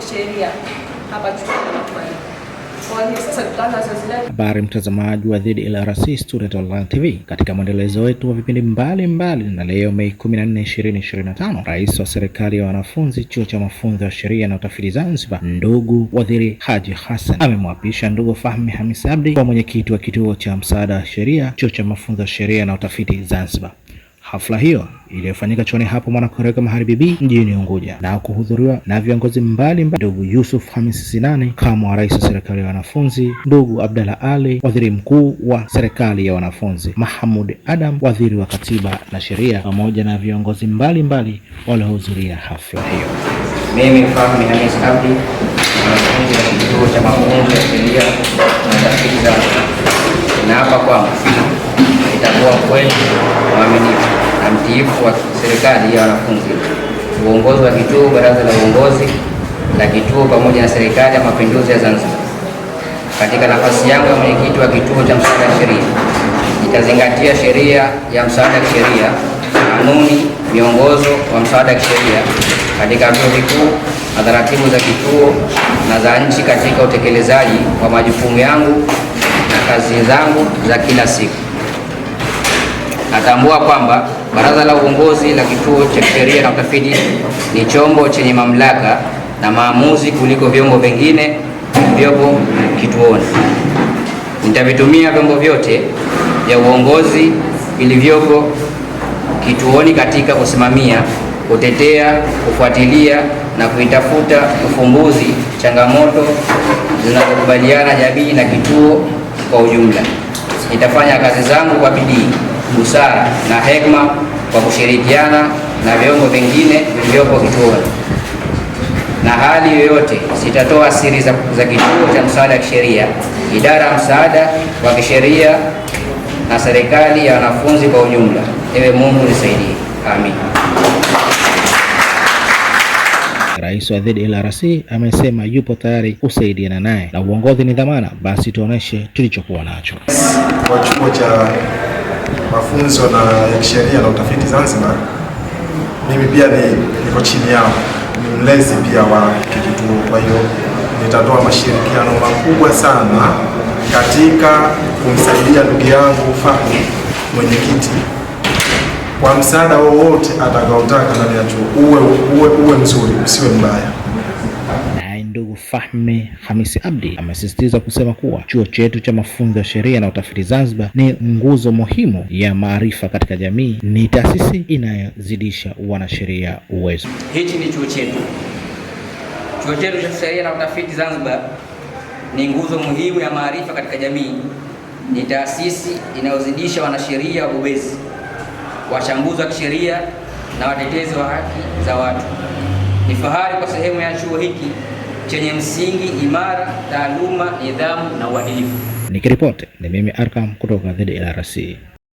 kisheria hapa Habari mtazamaji wa Dhidi LRC Student Online TV, katika mwendelezo wetu wa vipindi mbalimbali, na leo Mei 14, 2025, rais wa serikali ya wanafunzi chuo cha mafunzo ya sheria na utafiti Zanzibar, ndugu Waziri Haji Hassan amemwapisha ndugu Fahmi Hamis Abdi kwa mwenyekiti wa kituo cha msaada wa sheria chuo cha mafunzo ya sheria na utafiti Zanzibar. Hafla hiyo iliyofanyika chuoni hapo Mwanakoreka Magharibi B mjini Unguja na kuhudhuriwa na viongozi mbalimbali, ndugu Yusuf Hamis Sinani, kama wa rais wa serikali ya wanafunzi, ndugu Abdalla Ali, waziri mkuu wa serikali ya wanafunzi, Mahamud Adam, waziri wa katiba na sheria, pamoja na viongozi mbalimbali waliohudhuria hafla hiyo. Mimi Fahmi Hamis Abdi, mwanafunzi wa kituo cha mafunzo ya sheria na tafiti za, ninaapa kwamba itakuwa kweli mwaminifu na mtiifu wa serikali ya wanafunzi, uongozi wa kituo, baraza la uongozi la kituo pamoja na serikali ya mapinduzi ya Zanzibar. Katika nafasi yangu ya mwenyekiti wa kituo cha msaada wa sheria, nitazingatia sheria ya msaada wa kisheria, kanuni, miongozo wa msaada wa kisheria katika vyuo vikuu na taratibu za kituo na za nchi katika utekelezaji wa majukumu yangu na kazi zangu za kila siku. Natambua kwamba Baraza la Uongozi la Kituo cha Sheria na Utafiti ni chombo chenye mamlaka na maamuzi kuliko vyombo vingine vilivyopo kituoni. Nitavitumia vyombo vyote vya uongozi vilivyopo kituoni katika kusimamia, kutetea, kufuatilia na kuitafuta ufumbuzi changamoto zinazokubaliana jamii na kituo kwa ujumla. Nitafanya kazi zangu kwa bidii busara na hekma kwa kushirikiana na vyombo vingine vilivyopo kituoni, na hali yoyote sitatoa siri za, za kituo cha msaada wa kisheria, idara ya msaada wa kisheria na serikali ya wanafunzi kwa ujumla. Ewe Mungu nisaidie, amin. rais wa ZLRC amesema yupo tayari kusaidiana naye, na uongozi ni dhamana, basi tuoneshe tulichokuwa nacho. Kwa chuo cha mafunzo na kisheria na utafiti Zanzibar, mimi pia ni niko chini yao, ni mlezi pia wa kituo, kwa hiyo nitatoa mashirikiano makubwa sana katika kumsaidia ndugu yangu Fahmi, mwenyekiti kwa msaada wowote atakaotaka ndani ya chuo, uwe, uwe, uwe mzuri usiwe mbaya. Ndugu Fahmi Hamisi Abdi amesisitiza kusema kuwa chuo chetu cha mafunzo ya sheria na utafiti Zanzibar ni nguzo muhimu ya maarifa katika jamii, ni taasisi inayozidisha wanasheria uwezo. Hichi ni chuo chetu, chuo chetu cha sheria na utafiti Zanzibar ni nguzo muhimu ya maarifa katika jamii, ni taasisi inayozidisha wanasheria wabobezi wachambuzi wa kisheria na watetezi wa haki za watu. Ni fahari kwa sehemu ya chuo hiki chenye msingi imara, taaluma, nidhamu na uadilifu. Nikiripoti ni mimi Arkam kutoka The rc